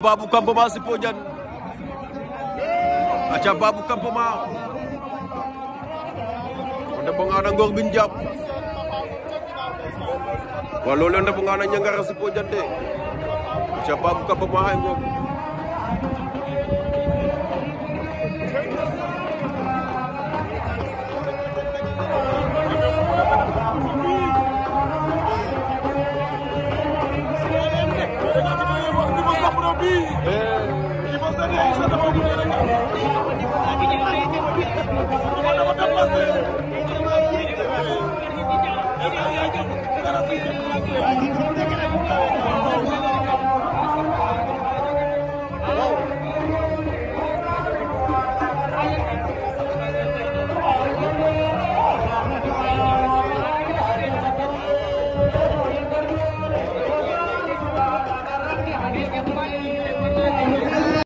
Babou Campement Sipho Diagne aca Babou Campement o ndeɓongana Ngor Mbine Diap wa lolo ndeɓongana Niangara Sipho Diagne de aca Babou Campement xay Ngor ma eh, you.